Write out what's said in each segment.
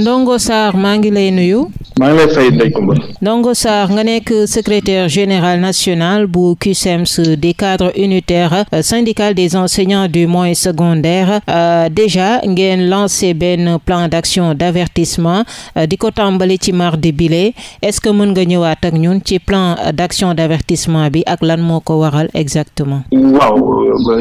Ndongo Sarr maa ngi lay nuyu. maa ngi lay fay nga nekk secretaire général national bu CUSEMS des cadres unitaire euh, syndical des enseignants du moyen secondaire euh, déjà ngeen lancé benn plan d'action d'avertissement euh, di ko tàmbali ci mardi bile est-ce que mën nga ñëwaat ak ñun ci plan d'action d'avertissement bi ak lan moo ko waral exactement. waaw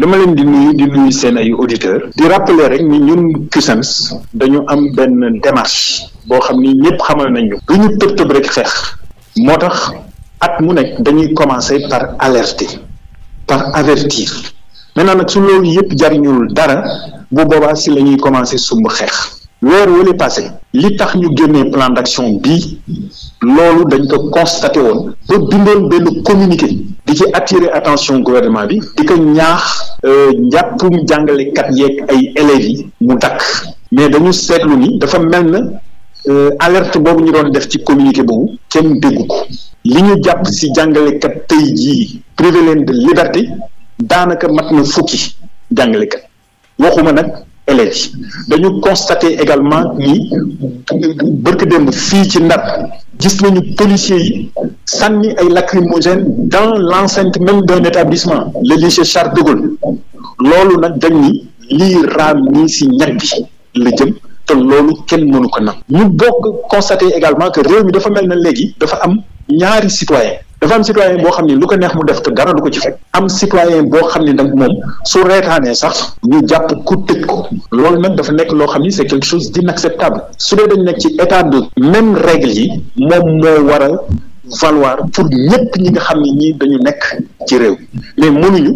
dama leen di seen ay auditeurs. di rappeler rek ni ñun CUSEMS dañu am benn démarche boo xam ni ñëpp xamal nañu du ñu tëb tëb rek xeex moo tax at mu nekk dañuy commencer par alerter par avertir maintenant nag su loolu yëpp jariñul dara bu boobaa si la ñuy commencer sumb xeex weer wala passé li tax ñu génnee plan d'action bii loolu dañ ko constaté woon ba bindoon benn communiqué di ci attirer attention gouvernement bi di ko ñaax euh, njàppum jàngalekat yeeg ay élèves yi mu dakk mais dañu seetlu ni dafa mel na Euh, alerte boobu ñu doon def ci communiqué boobu kenn dégg ko li ñu jàpp si jàngalekat tey jii privé leen de liberté daanaka mat na fukki jàngalekat waxuma nag élèves yi dañu constater également ni bërk démb fii ci Ndar gis nañu policiers yi sànni ay lacrymogène dans l'enceinte même d'un établissement le lycée Charles de Gaulle loolu nag dañ ni lii raam nii si ñag bi la jëm te loolu kenn mënu ko nangu ñu bokk constater également que réew mi dafa mel na léegi dafa am ñaari citoyen dafa am citoyen boo xam ne lu ko neex mu def te dara du ko ci fekk am citoyen boo xam ni nag moom su reetaanee sax ñu jàpp ku tëj ko loolu nag dafa nekk loo xam ne c'est quelque chose d'inacceptable su dee dañ nekk ci état de même règle yi moom moo war a valoir pour ñëpp ñi nga xam ne ñii dañu nekk ci réew mais mënuñu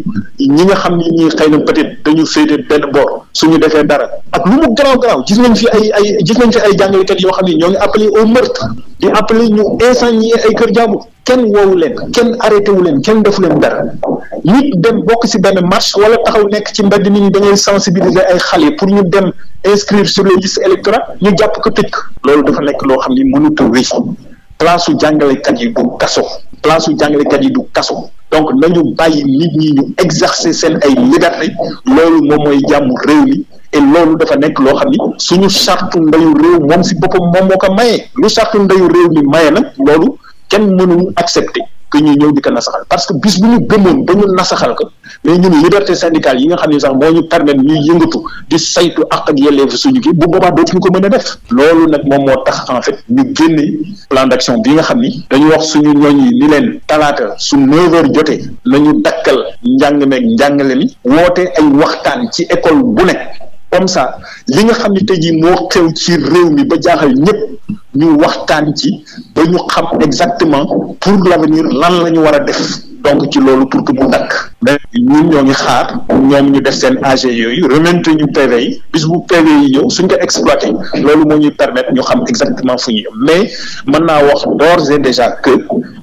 ñi nga xam ne ñii xëy na peut-être dañu féete benn boor suñu defee dara ak lu mu garaaw garaaw gis nañ fi ay ay gis nañ fi ay jàngalekat yoo xam ne ñoo ngi appelé au meurtre di appelé ñu incendier ay kër kenn woowu leen kenn arrêté wu leen kenn defu leen dara nit dem bokk si benn marche wala taxaw nekk ci mbedd nit ñi dañuy sensibiliser ay xale pour ñu dem inscrire sur les listes électorales ñu jàpp ko tëj loolu dafa nekk loo xam ne mënut a wéy place su jàngalekat yi du kaso place su jàngalekat yi du kaso donc nañu bàyyi nit ñi ñu exercer seen ay liberté loolu moom mooy jàmm réew mi te loolu dafa nekk loo xam ni suñu sartu ndeyu réew moom si boppam moom moo ko maye lu sartu ndeyu réew mi maye nag loolu kenn mënul accepter que ñuy ñëw di nasaxal parce que bis bu ñu gëmoon ba ñu nasaxal ko mais ñun liberté syndicale yi nga xam ne sax moo ñu permettre ñuy yëngatu di saytu ak ak yelleef suñu kii bu boobaa ñu ko mën a def loolu nag moom moo tax en fait ñu génne plan d'action bi nga xam ni dañu wax suñu ñooñ yi ni leen talaata su neuf heures jotee nañu dakkal njàng meeg njàngale mi woote ay waxtaan ci école bu nekk comme ça li nga xam ne tey jii moo xew ci réew mi ba jaaxal ñëpp ñu waxtaan ci ba ñu xam exactement pour l'avenir lan la ñu war a def donc ci loolu pour que mu dakk mais ñu ñoo ngi xaar ñoom ñu def seen AG yooyu remettre ñu PV yi bis bu PV yi ñëw suñ ko exploité loolu moo ñu permettre ñu xam exactement fu ñu mais man naa wax d'ores et déjà que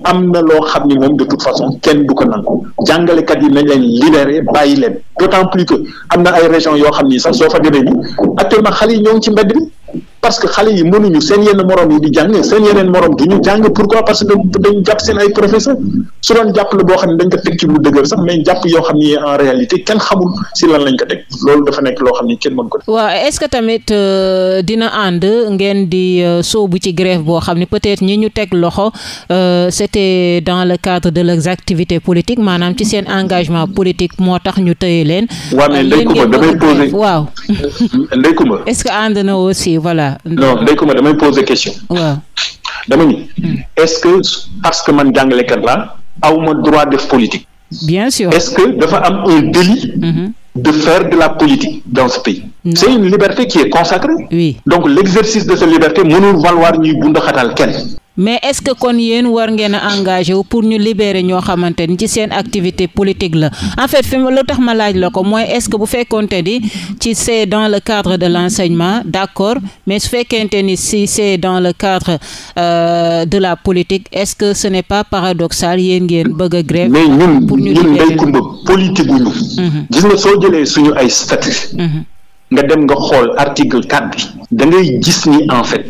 am na loo xam ni moom de toute façon kenn du ko nangu jàngalekat yi nañ leen libéré bàyyi leen d'autant plus que am na ay régions yoo xam ni sax soo fa demee nii actuellement xale ñoo ci mbedd parce que xale yi mënuñu seen yenn morom yi di jàng seen yeneen morom du ñu jàng pourquoi parce que dañ jàpp seen ay professeur su doon jàpp la boo xam ne dañ ko teg ci lu dëgër sax mais jàpp yoo xam ni en réalité kenn loo xam ni kenn mën euh, dina ànd ngeen di euh, sóobu ci grève boo xam ne peut-être ñi ñu teg loxo euh, c'était dans le cadre de leurs activités politiques maanaam ci seen engagement politique moo tax ñu tëye leen. waaw mais Ndeye damay poser waaw. Ndeye est que ànd na aussi voilà. voilà non day ko ma damay poser question. waaw dama ni. Hmm. est-ce que parce que man jàngalekat laa aw ma droit def politique. bien sûr est-ce que dafa am un délit. Hmm. de faire de la politique dans ce pays. c'est une liberté qui est consacrée. oui donc l'exercice de cette liberté mënul valoir ñuy bundaxatal kenn. mais est-ce que kon yéen war ngeen a engagé wu pour ñu libérer ñoo xamante ni ci seen activité politique la en fait fi lu tax ma laaj la ko mooy est-ce que bu fekkonte ni ci c'est dans le cadre de l'enseignement d'accord mais su fekkente ni si c'est dans le cadre euh, de la politique est-ce que ce n'est pas paradoxal yéen ngeen bëgg a grève mais ñun ñun day kumba politique wuñu mhm. gis nga soo jëlee suñu ay statut mhm. nga dem nga xool article 4 bi da gis ni en fait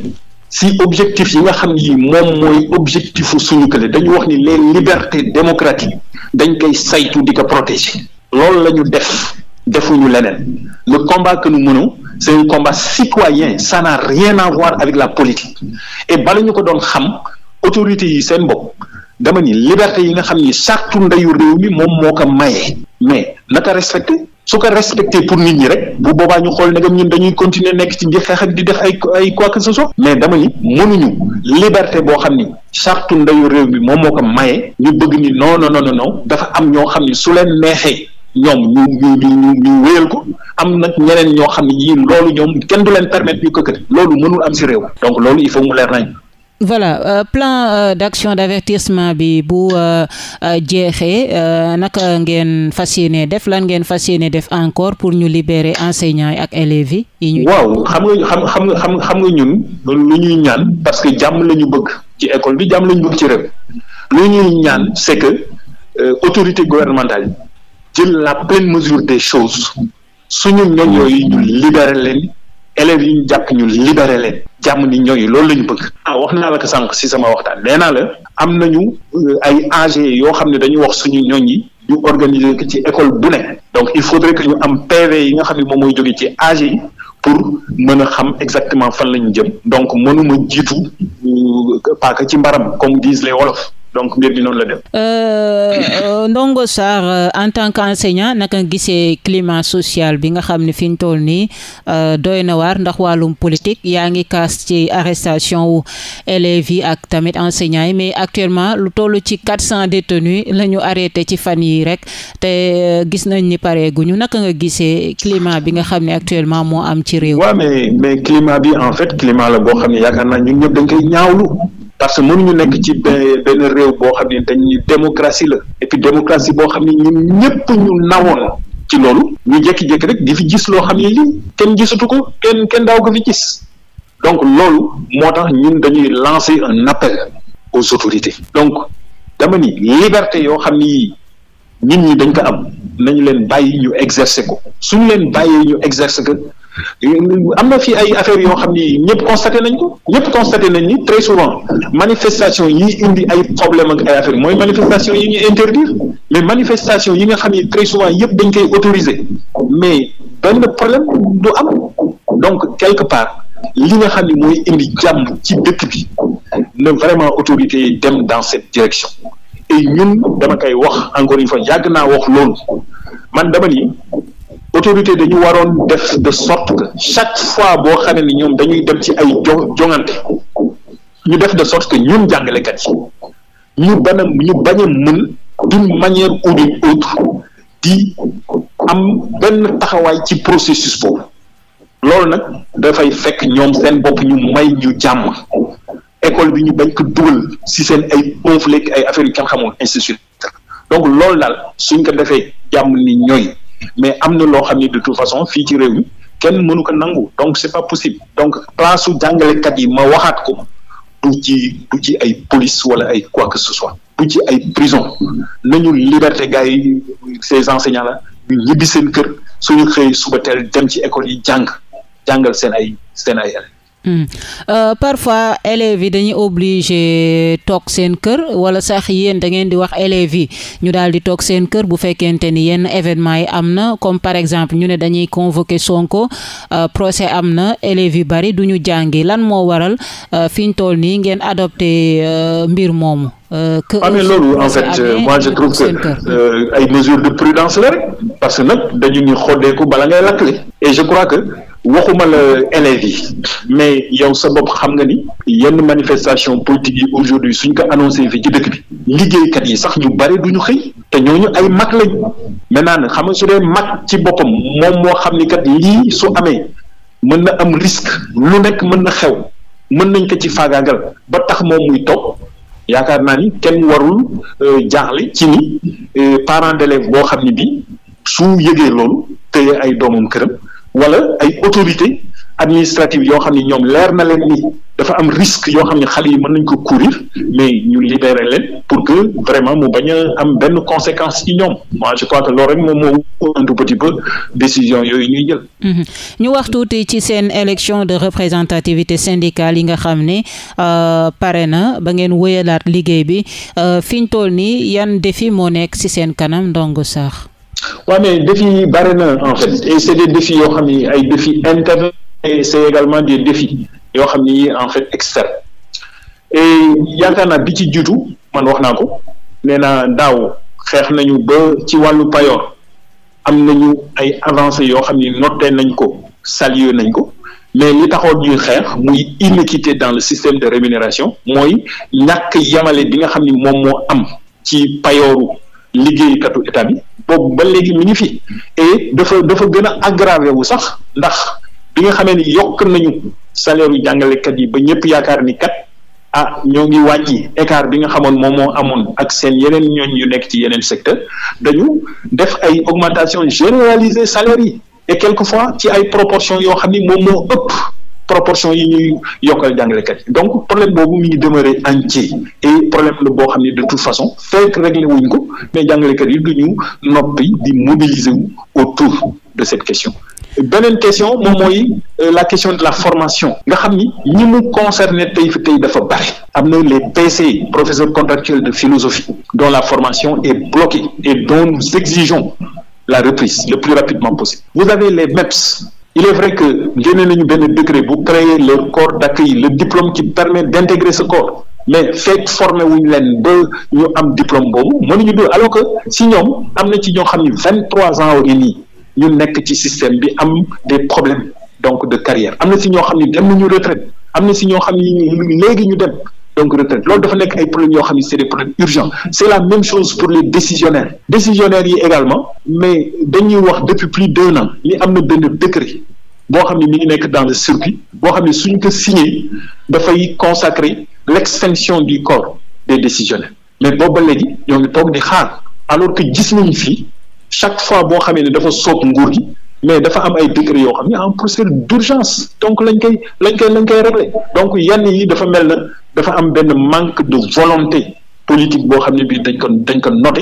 si objectif yi nga xam ni moom mooy objectifu suñu kële dañu wax ni les libertés démocratiques dañ koy saytu di ko protéger loolu la ñu def defuñu leneen le combat que nous menons c'est un combat citoyen ça n'a rien à avec la politique et bala ñu ko doon xam autorités yi seen bopp dama ni liberté yi nga xam ni sartu ndeyu réew mi moom moo ko maye mais naka respecté su ko respecté pour nit ñi rek bu boobaa ñu xool ndegam ñun dañuy continuer nekk ci di xeex ak di def ay ay quoi que ce soit mais dama ni mënuñu liberté boo xam ni charte ndeyu réew mi moom moo ko maye ñu bëgg ni no non non non dafa am ñoo xam ni su leen neexee ñoom ñu ñu ñu ñu wéyal ko am nag ñeneen ñoo xam ne yii loolu ñoom kenn du leen permettre ñu këkkati loolu mënul am si réew donc loolu il faut mu leer nañ voilà euh, plan euh, d'action d'avertissement bi bu euh, euh, jeexee euh, naka ngeen fas yéene def lan ngeen fas yéene def encore pour ñu libérer enseignants yi ak élèves yi ñu waaw xam nga xam xam nga xam nga ñun lu ñuy ñaan parce que jàmm la ñu bëgg ci école bi jàmm la ñu bëgg ci réew lu ñuy ñaan c'est que autorité gouvernementale jël la pleine mesure des choses suñu ñoñ yooyu ñu libérer leen élèves yi ñu jàpp ñu libéré leen jàmm ni ñooñu loolu la ñu bëgg ah wax naa la ko sànq si sama waxtaan nee naa la am na ñu euh, ay AG yoo xam ne dañu wax suñu ñooñi ñu organiser ko ci école bu ne donc il faudrait que ñu am PV yi nga xam ne moom mooy jóge ci AG yi pour mën a xam exactement fan la ñu jëm donc mënuma jiitu euh, paaka ci mbaram comme disent les wolof donc mbir mi noonu la dem. Euh, euh, Ndongo Sarr euh, en tant qu'enseignant naka gisee climat social bi nga xam ne fi ñu toll nii doy na waar ndax wàllum politique yaa ngi kaas ci arrestation wu élèves yi ak tamit enseignants yi mais actuellement lu toll ci quatre cent détenus la ñu arrêté ci fan yi rek te gis nañ ni pareeguñu naka nga gisee climat bi nga xam ne actuellement moo am ci réew. waaw mais mais climat bi en fait climat la boo xam ne yaakaar naa ñun ñëpp parce que mënuñu nekk ci benn réew boo xam ne dañuy démocratie la et puis démocratie boo xam ne ñun ñëpp ñu nawoon ci loolu ñu jékki-jékki rek di fi gis loo xam ne lii kenn gisatu ko kenn kenn daaw ko fi gis donc loolu moo tax ñun dañuy lancer un appel aux autorités donc dama ni liberté yoo xam ne yii nit ñi dañ ko am nañu leen bàyyi ñu exercer ko suñu leen bàyyee ñu exercer ko am na fi ay affaires yoo xam ni ñëpp constaté nañ ko ñëpp constaté nañ ni très souvent manifestation yi indi ay problème ak ay affaires mooy manifestation yi ñuy interdire mais manifestation yi nga xam ni très souvent yëpp dañ koy autoriser mais benn problème du am donc quelque part li nga xam ni mooy indi jàmm ci dëkk bi ne vraiment autorités dem dans cette direction et ñun dama koy wax encore une fois yàgg naa wax loolu man dama ni autorité dañu waroon def de sorte que chaque fois boo xamee ni ñoom dañuy dem ci ay jo joŋante ñu def de sorte que ñun jàngalekat yi ñu ban ñu bañ a mën d'une manière ou d'une autre di am benn taxawaay ci processus boobu loolu nag dafay fekk ñoom seen bopp ñu may ñu jàmm école bi ñu bañ ko dugal si seen ay conflit ay affaires yu kenn xamul institution donc loolu daal suñ ko defee jàmm ni ñooy mais am na loo xam ne de toute façon fii ci réew mi kenn mënu ko nangu donc c'est pas possible donc place su kat yi ma waxaat ko du ci du ci ay police wala ay quoi que ce soit du ci ay prison nañu liberté gars yi ces enseignants là ñu ñibbi seen kër suñu xëy suba teel dem ci école yi jàng jàngal seen ay seen ay Mmh. Euh, parfois élèves yi dañuy obligé toog seen kër wala sax yéen da ngeen di wax élèves yi ñu daal di toog seen kër bu fekkente ni yenn événement yi am na comme par exemple ñu ne dañuy convoqué Sonko euh, procès am na élèves yi bari du ñu jàngi lan moo waral euh, fi toll nii ngeen adopté euh, mbir moomu. Euh, que amee ah, loolu en fait euh, moi je trouve que ay mesures de prudence la rek parce que nag dañu ñu xoddeeku bala ngay lakkle et je crois que. waxuma la élèves yi mais yow sa bopp xam nga ni yenn manifestation politique yi aujourd'hui suñ ko annoncé fii ci dëkk bi liggéeykat yi sax ñu du ñu xëy te ñooñu ay mag lañ maintenant xam nga su dee mag ci boppam moom moo xam ni kat lii su amee mën na am risque lu nekk mën na xew mën nañ ko ci faagaagal ba tax moom muy toog yaakaar naa ni kenn warul euh, jaaxle ci ni euh, parent d'élève boo xam ni bi su yëgee loolu te ay doomam këram wala ay autorité administrative yoo xam ne ñoom leer na leen ni dafa am risque yoo xam ne xale yi mën nañ ko courir mais ñu libérer leen pour que vraiment mu bañ am benn conséquence ci ñoom moi je crois que loolu rek moom moo un tout petit peu décision yooyu ñuy jël. Mhm. ñu wax tuuti ci seen élection de représentativité syndicale yi nga xam ne euh, pare na ba ngeen wéyalaat liggéey bi euh, fi ñu toll nii yan défi moo nekk ci seen kanam Ndongo Sarr. waaw mais défi yi bare na en fait et c' est yoo xam ni ay défis internes et également des défis yoo xam ni en fait externes yaakaar naa bi ci jiitu man wax naa ko nee naa daaw xeex nañu ba ci wàllu payoor am nañu ay avancées yoo xam ni noté nañ ko salué nañ ko mais li taxoon ñuy xeex muy inéquité dans le système de rémunération mooy ñàkk yamale bi nga xam ni moom moo am ci payooru liggéeykatu état bi. boobu ba léegi mu ngi fi et dafa dafa gën a aggravé sax ndax bi nga xamee ni yokk nañu salaire yu jàngalekat yi ba ñëpp yaakaar ni kat ah ñoo ngi wàññi écart bi nga xamoon moom moo amoon ak seen yeneen ñooñ yu nekk ci yeneen secteur dañu def ay augmentation généralisée salaire yi et quelquefois ci ay proportion yoo xam ni moom moo ëpp proportion yi ñuy yokkal jàngalekat yi donc problème boobu mu ngi demeurer entier et problème la boo xam ne de toute façon fekk réglé wuñ ko mais jàngalekat yi du ñu noppi di mobiliser wu autour de cette question beneen question moom mooy euh, la question de la formation nga xam ni ñi mu concerné tey fi tey dafa bare am na les PC professeurs contractuels de philosophie dont la formation est bloquée et dont nous exigeons la reprise le plus rapidement possible il est vrai que génne nañu benn décret bu créer leur corps d'accueil le diplôme qui permet d'intégrer ce corps mais fekk formé wuñu leen ba ñu am diplôme boobu ñu dul alors que si ñoom am na ci ñoo xam ni vingt trois ans yi nii ñu nekk ci système bi am des problèmes donc de carrière am na si ñoo xam ni dem nañu retraite am na si ñoo xam ni léegi ñu dem donc retraite loolu dafa nekk ay problèmes yoo xam ni c'est des problèmes urgents c'est la même chose pour les décisionnaires décisionnaires yi également mais dañuy wax depuis plus d'un an ni am na benn décret boo xam ne mi ngi nekk dans le circuit boo xam ne suñ ko signé dafay consacrer l'extinction du corps des décisionnaires mais booba léegi ñoo ngi toog di xaar alors que gis nañu fii chaque fois boo xamee ne dafa soob nguur gi mais dafa am ay décret yoo xam ne en procédure d'urgence donc lañ koy lañ koy lañ koy régler donc yenn yi dafa mel na dafa am benn manque de volonté politique boo xam ne bii dañ ko dañ ko noté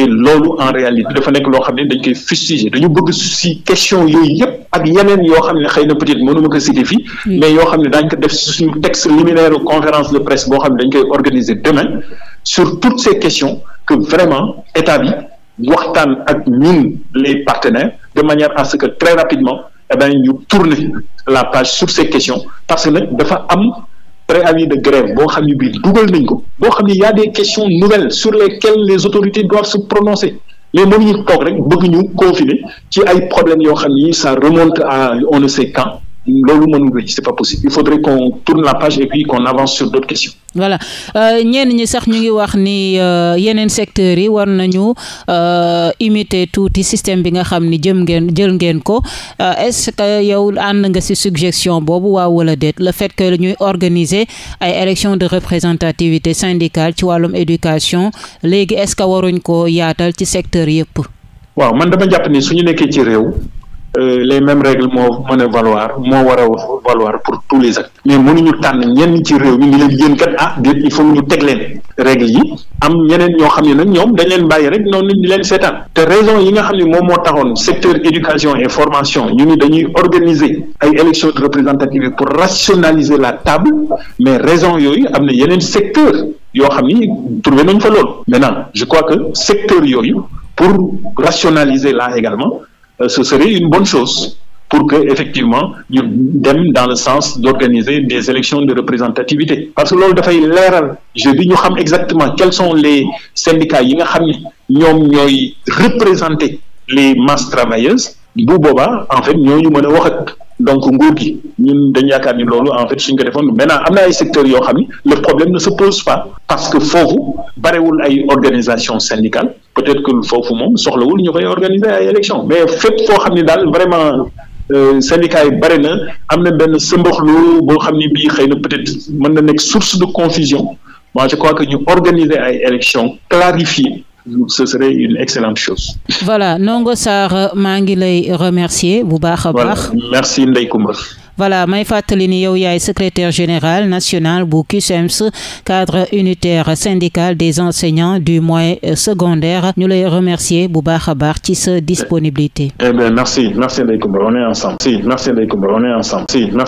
et loolu en réalité dafa nekk loo xam ne dañ koy fustiger dañu bëgg si question yooyu yëpp ak yeneen yoo xam ne xëy na peut-être mënuma ko citer fii mm. mais yoo xam ne daañu ko def suñu texte liminaire conférence de presse boo xam ne dañ koy organiser demain su toutes ces questions que vraiment état bi waxtaan ak ñun les partenaire de manière à ce que très rapidement eh bien ñu tourner la page sur ces questions parce que nag dafa am préavis de grève boo xam ne bii dugal nañ ko boo xam ne y a des questions nouvelles sur lesquelles les autorités doivent se prononcer mais mënuñu toog rek bëgg ñu ci ay problèmes yoo xam ni ça remonte à on ne sait quand loolu mënuñu ci c'est pas possible il faudrait qu'on tourne la page et puis qu'on avance sur d'autres questions. voilà euh, ñenn ñi sax ñu ngi wax ni euh, yeneen secteur yi war nañu euh, imiter touti système bi nga xam ni jëm ngeen jël ngeen ko est-ce que yow ànd nga ci suggestion boobu waaw wala déet la fait que ñuy organiser ay élections de représentativité syndicale ci wàllum éducation léegi est-ce que waruñ ko yaatal ci secteur yépp. waaw man dama jàpp ni suñu nekkee ci réew. Euh, les mêmes règles moo mën a valoir moo war a valoir pour tous les actes mais ñu tànn ñenn ci réew mi ngi leen yéen kat ah déet il faut ñu teg leen règles yi am ñeneen ñoo xam ne nag ñoom dañ leen bàyyi rek noonu ñu leen seetaan te raison yi nga xam ne moom moo taxoon secteur éducation et formation ñu ni dañuy organiser ay élections représentatives pour rationaliser la table mais raison yooyu am na yeneen secteur yoo xam ni trouvé nañ fa loolu maintenant je crois que secteur yooyu pour rationaliser là également Euh, ce serait une bonne chose pour que effectivement ñu dem dans le sens d'organiser des élections de représentativité parce que loolu dafay leeral je bi ñu xam exactement quels sont les syndicats yi nga xam ni ñoom ñooy représenter les masses travailleuses bu boobaa en fait ñooñu mën a wax ak donc nguur gi ñun dañu yaakaar ni loolu en fait suñ ko defoon maintenant am na ay secteurs yoo xam ni le problème ne se pose pas parce que foofu barewul ay organisation syndicale peut-être que foofu moom soxlawul ñu koy organiser ay élection mais fépp foo xam ni daal vraiment euh, syndicat yi bare na am na benn sëmbaxlu boo xam ni bii xëy na peut-être mën na nekk source de confusion moi je crois que ñu organiser ay élection clarifiées ce serait une excellente chose. voilà Ndongo Sarr maa ngi lay remercier bu baax a baax. voilà merci Ndeye Comba. voilà may fàttali ni yow yaay secrétaire général national bu CUSEMS cadre unitaire syndical des enseignants du moyen secondaire ñu lay remercier bu baax a baax ci sa disponibilité. eh bien merci merci Ndeye on est ensemble. si merci Ndeye Comba on est ensemble.